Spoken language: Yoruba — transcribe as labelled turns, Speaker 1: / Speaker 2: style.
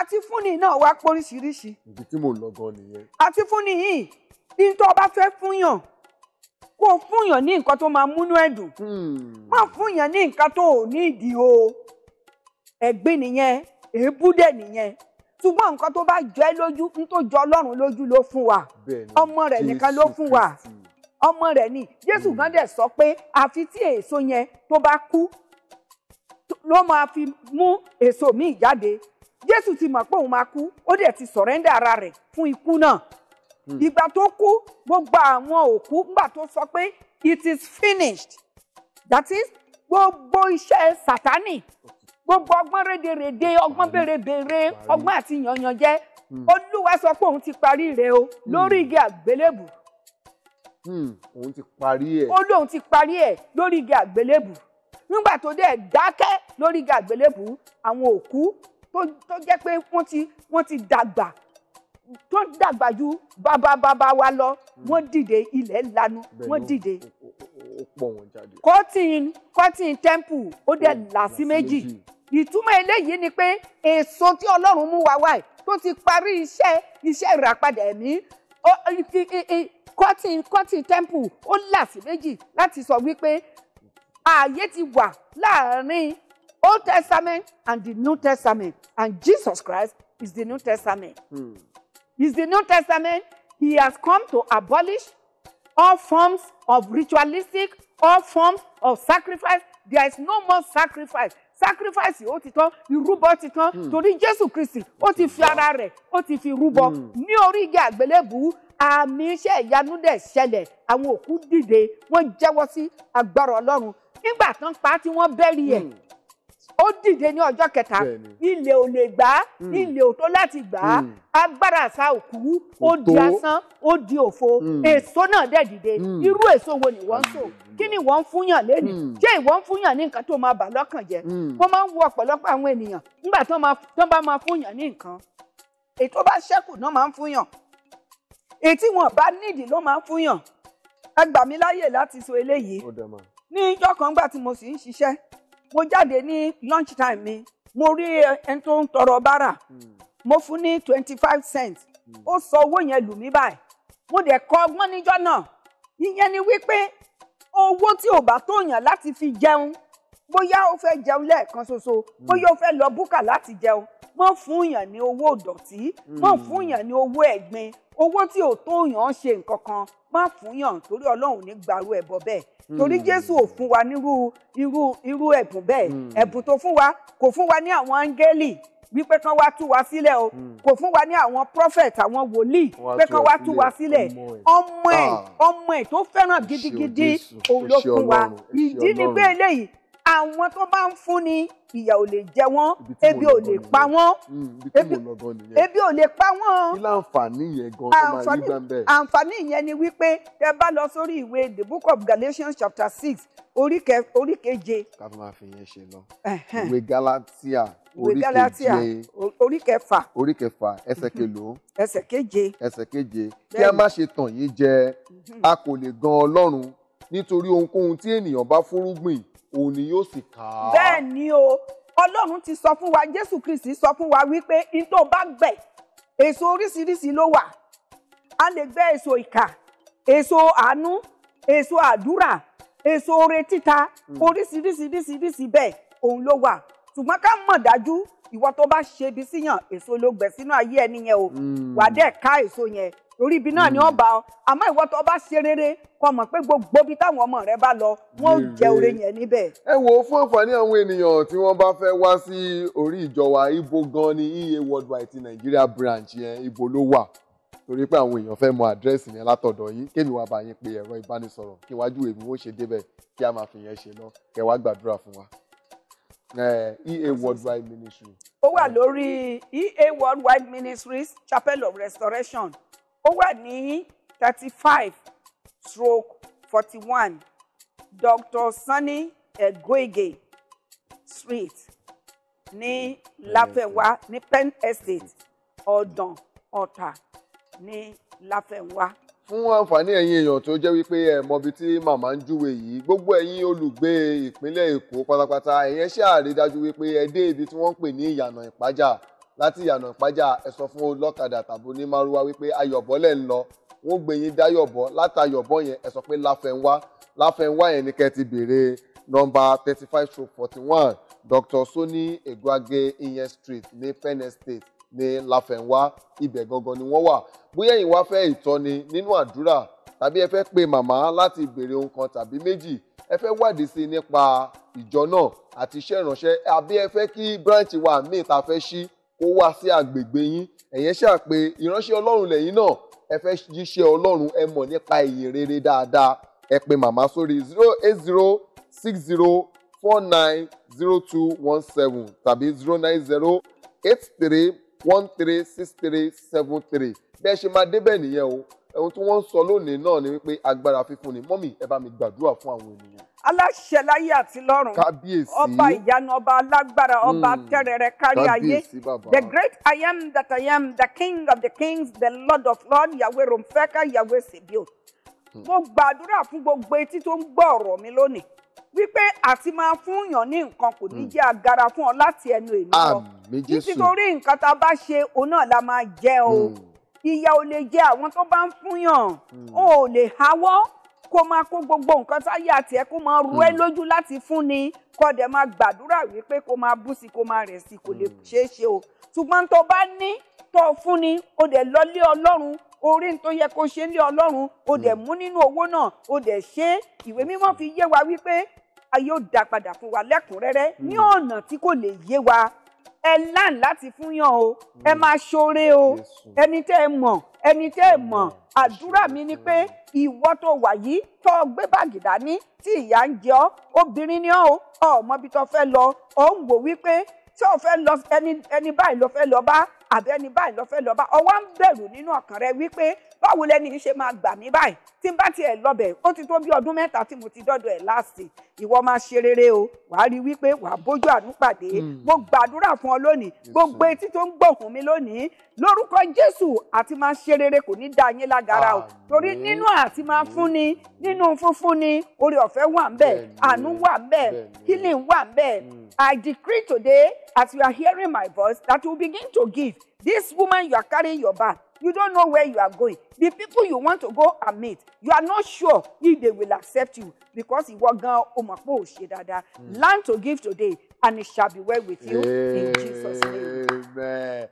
Speaker 1: àti fúnni náà wá póríṣiríṣi.
Speaker 2: ibi tí mò ń lọ gan nìyẹn.
Speaker 1: àti fúnni yìí ní tó o bá fẹ́ fúnyàn kó o fúnyàn ní nǹkan tó máa múnú ẹ̀dùn hmm. má fúnyàn ní nǹkan tó ò ní ìdí o ẹ̀gbin nìyẹn èébú dẹ̀ nìyẹn ṣùgbọ́n nǹkan tó bá jọ lójú ń tó jọ ọlọ́run lójú ló fún wa ọmọ rẹ̀ nìkan ló fún wa ọmọ rẹ̀ ni jésù hmm. gan dẹ̀ sọ pé àfi tí èso yẹn tó bá kú ló máa fi mú èso míì jáde jésù ti mọ̀ pé òun máa kú ó dẹ̀ ti sọ̀rẹ́ndà ara rẹ̀ fún ikú náà hmm. ìgbà tó kú gbogbo àwọn òkú ńgbà tó sọ pé it is finished that is gbogbo iṣẹ́ sátánì gbogbo ọgbọ́n rédèrèdè ọgbọ́n bèrèbèrè ọgbọ́n àti yànyànjẹ hmm. olúwa sọ pé òun ti parí rẹ̀ o hmm. lórí igi àgbélébù.
Speaker 2: òun ti parí ẹ̀. ó
Speaker 1: lóun ti parí ẹ̀ lórí igi àgbélébù nígbà tó dẹ̀ dákẹ́ lórí igi àgbélébù àwọn òkú tó jẹ́ pé wọ́n ti wọ́n ti dàgbà tó dàgbà ju bábábábá wa lọ hmm. wọ́n dìde ilẹ̀ lanu wọ́n dìde cotton cotton temple ó dẹ̀ là sí méjì ìtumọ̀ eléyìí ni pé èso tí ọlọ́run mú wa wá tó ti parí iṣẹ́ iṣẹ́ ìràpadà ẹ̀mí cotton cotton temple ó là sí méjì láti sọ wípé ààyè ti wà láàrin Old Testament and the New Testament. And Jesus Christ is the New Testament. Hmm. He's the New Testament. He has come to abolish all forms of ritualistic, all forms of sacrifice. There is no more sacrifice. Sacrifice yìí ó ti tán, ìrúbọ ti tán, hmm. torí Jésù Kristi, ó ti fi ara rẹ̀, ó ti fi rúbọ. Hmm. Ní orí igi àgbélébùú, àmì iṣẹ́ ìyanu dẹ̀ ṣẹlẹ̀, àwọn òkú dìde, wọ́n jẹ́wọ́ sí agbára Ọlọ́run. Nígbà tán pa á tí wọ́n bẹ́rí ẹ̀. Hmm ó dìde ní ọjọ́ kẹta ilé ò lè gbà á hmm. ilé ò tó láti gbà á hmm. agbára àṣà òkú ó di asán ó di òfo hmm. èso náà dẹ̀ dìde irú èso wo ni wọ́n ń sò kí ni wọ́n ń fúnyàn lẹ́nu ṣé ìwọ́n ń fúnyàn ní nǹkan tó máa bà lọ́kàn jẹ́ wọ́n máa ń wo ọ̀pọ̀lọpọ̀ àwọn ènìyàn nígbà tó bá máa fúnyàn ní nǹkan ètò bá ṣẹ́kù náà máa ń fúnyàn ètí wọn bá nídìí ló máa ń fúnyàn ẹ láti sọ eléyìí ní ìjọ kan gbà tí mo sì ń ṣiṣẹ́ mo jáde ní lunch time mi mo rí ẹni tó ń tọrọ bárà hmm. mo fún ní twenty five cents hmm. ó sọ owó yẹn lù mí báyìí mo dẹ̀ kọ́ ọgbọ́n níjọ́ náà ìyẹn ni wípé owó tí ò bá tóyàn láti fi jẹun bóyá ó fẹ́ jẹun lẹ́ẹ̀kan ṣoṣo hmm. bóyá ó fẹ́ lọ búkà láti jẹun mọ́ fún yàn ní owó ìdọ̀tí mọ́ fún yàn ní owó ẹ̀gbin owó tí ò tóyàn ṣe nǹkan kan má fúnyàn torí ọlọ́run ní gbàrú ẹ̀bọ bẹ́ẹ̀ hmm. torí jésù ò fún wa nírú irú irú ẹ̀bùn bẹ́ẹ̀ hmm. ẹ̀bùn tó fún wa kò fún wa ní àwọn áńgẹ́lì wípé kán wá tú wa sílẹ̀ o hmm. kò fún wa ní àwọn prophet àwọn wòlíì pé kán wá tú wa sílẹ̀ ọmọ ẹ̀ ah. ọmọ ẹ̀ tó fẹ́ràn gidigidi òun ló fún wa ìdí ni pé eléyìí àwọn tó bá ń fún ni ìyà ò lè jẹ wọ́n ebi ò lè pa wọ́n mm, ebi ò lè pa wọ́n. kí láǹfààní yẹn gan tó máa rí gbàǹbẹ. àǹfààní yẹn ni wípé tẹ bá lọ sórí ìwé the book of Galatians chapter six orí keje. ká tó máa fi yẹn ṣe lọ
Speaker 2: ìwé Galatia ìwé Galatia orí kẹfà orí kẹfà ẹsẹ̀ mhm. kelo ẹsẹ̀ keje ẹsẹ̀ keje kí a má ṣe tàn yín jẹ mhm. a kò lè gan Ọlọ́run nítorí ohunkóhun tí ènìyàn bá fúrúgbìn òun ni yóò sì kà á.
Speaker 1: bẹ́ẹ̀ ni o ọlọ́run ti sọ fún wa jésù kristi sọ fún wa wípé ìtò bá gbẹ èso oríṣiríṣi ló wà a lè gbẹ èso ìkà èso àánú èso àdúrà èso oore títa hmm. oríṣiríṣiríṣiríṣi bẹ́ẹ̀ òun ló wà ṣùgbọ́n ká mọ̀ dájú ìwọ tó bá ṣe ibi síyàn èso ló gbẹ sínú ayé ẹni yẹn o hmm. wà dẹ̀ ká èso yẹn orí ibi náà ni wọ́n bá ọ àmọ́ ìwọ tó bá ṣe rere kó mọ̀ pé gbogbo ibi táwọn ọmọ rẹ bá lọ wọ́n ò jẹ oore yẹn níbẹ̀.
Speaker 2: ẹ wo fún àǹfààní àwọn ènìyàn tí wọ́n bá fẹ́ wá sí orí ìjọ ibo gan ni EA Worldwide ti Nigeria branch yẹn ibo ló wà torí pé àwọn èèyàn fẹ́ mọ àdírẹ́sì yẹn látọ̀dọ̀ yín kémi wá bá yín pe ẹ̀rọ ìbánisọ̀rọ̀ kí wájú èmi ó ṣe débẹ̀ kí a máa fi yẹn ṣe lọ kẹ wá gbàdúrà fún wa. EA Worldwide Ministry.
Speaker 1: ó wà lórí EA Worldwide Ministries Chapel of Restoration ó wà ní thirty five stroke forty one Doctor Sunny Egoige Street ní Láfẹ̀wá ní Penn Estate Ọ̀dàn Ọ̀tà ní Láfẹ̀wá fún
Speaker 2: àǹfààní ẹ̀yin èèyàn tó jẹ́ wípé ẹ mọbi tí màmá ń júwe yìí gbogbo ẹ̀yin olùgbé ìpínlẹ̀ Èkó pátápátá ẹ̀yẹn ṣáà rí dájú wípé ẹ dé ibi tí wọ́n ń pè ní ìyànà ìpájà láti ìyànà ìpájà ẹ fún olókadà tàbí onímárúwá wípé ayọ̀bọ́lẹ̀ ń lọ wọ́n gbé yín dáyọ̀bọ́ látayọ̀bọ́ yẹn ẹ pé láfẹnwá láfẹnwá yẹn ni kẹ́ ti béèrè nọ́mbà thirty five stroke forty one Dr. Soni Egwuage Iyen Street ní Penn State ní láfẹnwá ibẹ̀ gangan ni wọ́n wà bóyá ẹ̀yin wá fẹ́ ìtọ́ni nínú àdúrà tàbí ẹ fẹ́ pe màmá láti béèrè ohun kan tàbí méjì ẹ fẹ́ wádìí sí i nípa ìjọ náà àti iṣẹ́ ìránṣẹ́ àbí ẹ fẹ́ kí bírànchì wa míì ta fẹ́ ṣí kó wá sí àgbègbè yín ẹ̀yẹn ṣáà pé ìránṣẹ́ ọlọ́run lẹ́yìn náà ẹ fẹ́ jíṣẹ́ ọlọ́run ẹ mọ̀ nípa ìyìn rere dáadáa ẹ pè màmá sórí zero eight zero six zero four nine zero two one seven tàbí zero nine zero eight three one three six three seven three bẹ́ẹ̀ ṣe máa débẹ̀ nìyẹn o ohun tí wọ́n ń sọ lónìí náà ni wípé agbára fífún ni mọ́mì ẹ bá mi gbàdúrà fún àwọn ènìyàn
Speaker 1: aláṣẹ láyé àti lọ́run ọba ìyanu ọba alágbára ọba hmm. tẹrẹrẹ kárí ayé the great i am that i am the king of the kings the lord of lords yahweh romfeka yahweh sebio hmm. mo gbàdúrà fún gbogbo etí tó ń gbọ́ ọ̀rọ̀ mi lónìí wípé àti máa fún yàn ní nǹkan kò ní hmm. jẹ́ agara fún ọ láti ẹnu èmi lọ nítorí nǹkan tá a bá ṣe òun náà la máa jẹ o ìyà ò lè jẹ àwọn tó bá ń fún yàn o ò lè háwọ́ kó máa kó gbogbo nǹkan táyé àti ẹ kó máa ru ẹ hmm. lójú láti fún ni kó dẹ̀ máa gbàdúrà wípé kó máa bú sí kó máa rẹ̀ sí kò lè hmm. ṣeé ṣe o ṣùgbọ́n tó bá ní tó fún ni o dẹ̀ lọ lé ọlọ́run orí tó yẹ kó ṣe nílé ọlọ́run o dẹ̀ hmm. mú nínú owó náà o dẹ̀ ṣe ìwé mímọ́ fi yé wa wípé a yóò dá padà fún wa lẹ́kùnrẹ́rẹ́ ní ọ̀nà tí kò lè yé wa ẹ lán láti fúnyàn o ẹ mm. máa ṣoore o ẹni tẹ́ ẹ mọ̀ ẹni tẹ́ ẹ mm. mọ̀ àdúrà mi ni pé mm. ìwọ tó wà yìí tó gbé báàgì dání tí ìyá ń jẹ ọ́ obìnrin ni ọ́ o ọmọbi tó fẹ́ lọ ò ń wò wípé tí o lọ ẹni báyìí ló fẹ́ lọ bá àbẹ́ni báyìí lọ́fẹ́ lọ́ba ọwọ́ ń bẹ̀rù nínú ọkàn rẹ wípé báwo lẹni ṣe máa gbà mí báyìí tí n bá tiẹ̀ lọ́bẹ̀ ó ti tó bí ọdún mẹ́ta tí mo ti dọ́dọ̀ ẹ̀ láàsì ìwọ máa ṣe rere o wàá rí wípé wàá bójú àánú pàdé hmm. mo gbàdúrà fún ọ lónìí gbogbo etí tó ń gbóhùn mi lónìí lórúkọ jésù àti máa ṣe rere kò ní dá yín lágara o torí nínú àti máa fúnni nínú fúnfúnni oore ọ̀fẹ́ wà ń bẹ̀ àánú wà ń bẹ̀ healing wà ń bẹ̀ hmm. I decree today as you are hearing my voice that you begin to give This woman, you are carrying your bag. You don't know where you are going. The people you want to go and meet, you are not sure if they will accept you because you work down Omapo Shedada. Learn to give today and it shall be well with you Amen. in Jesus' name.
Speaker 2: Amen.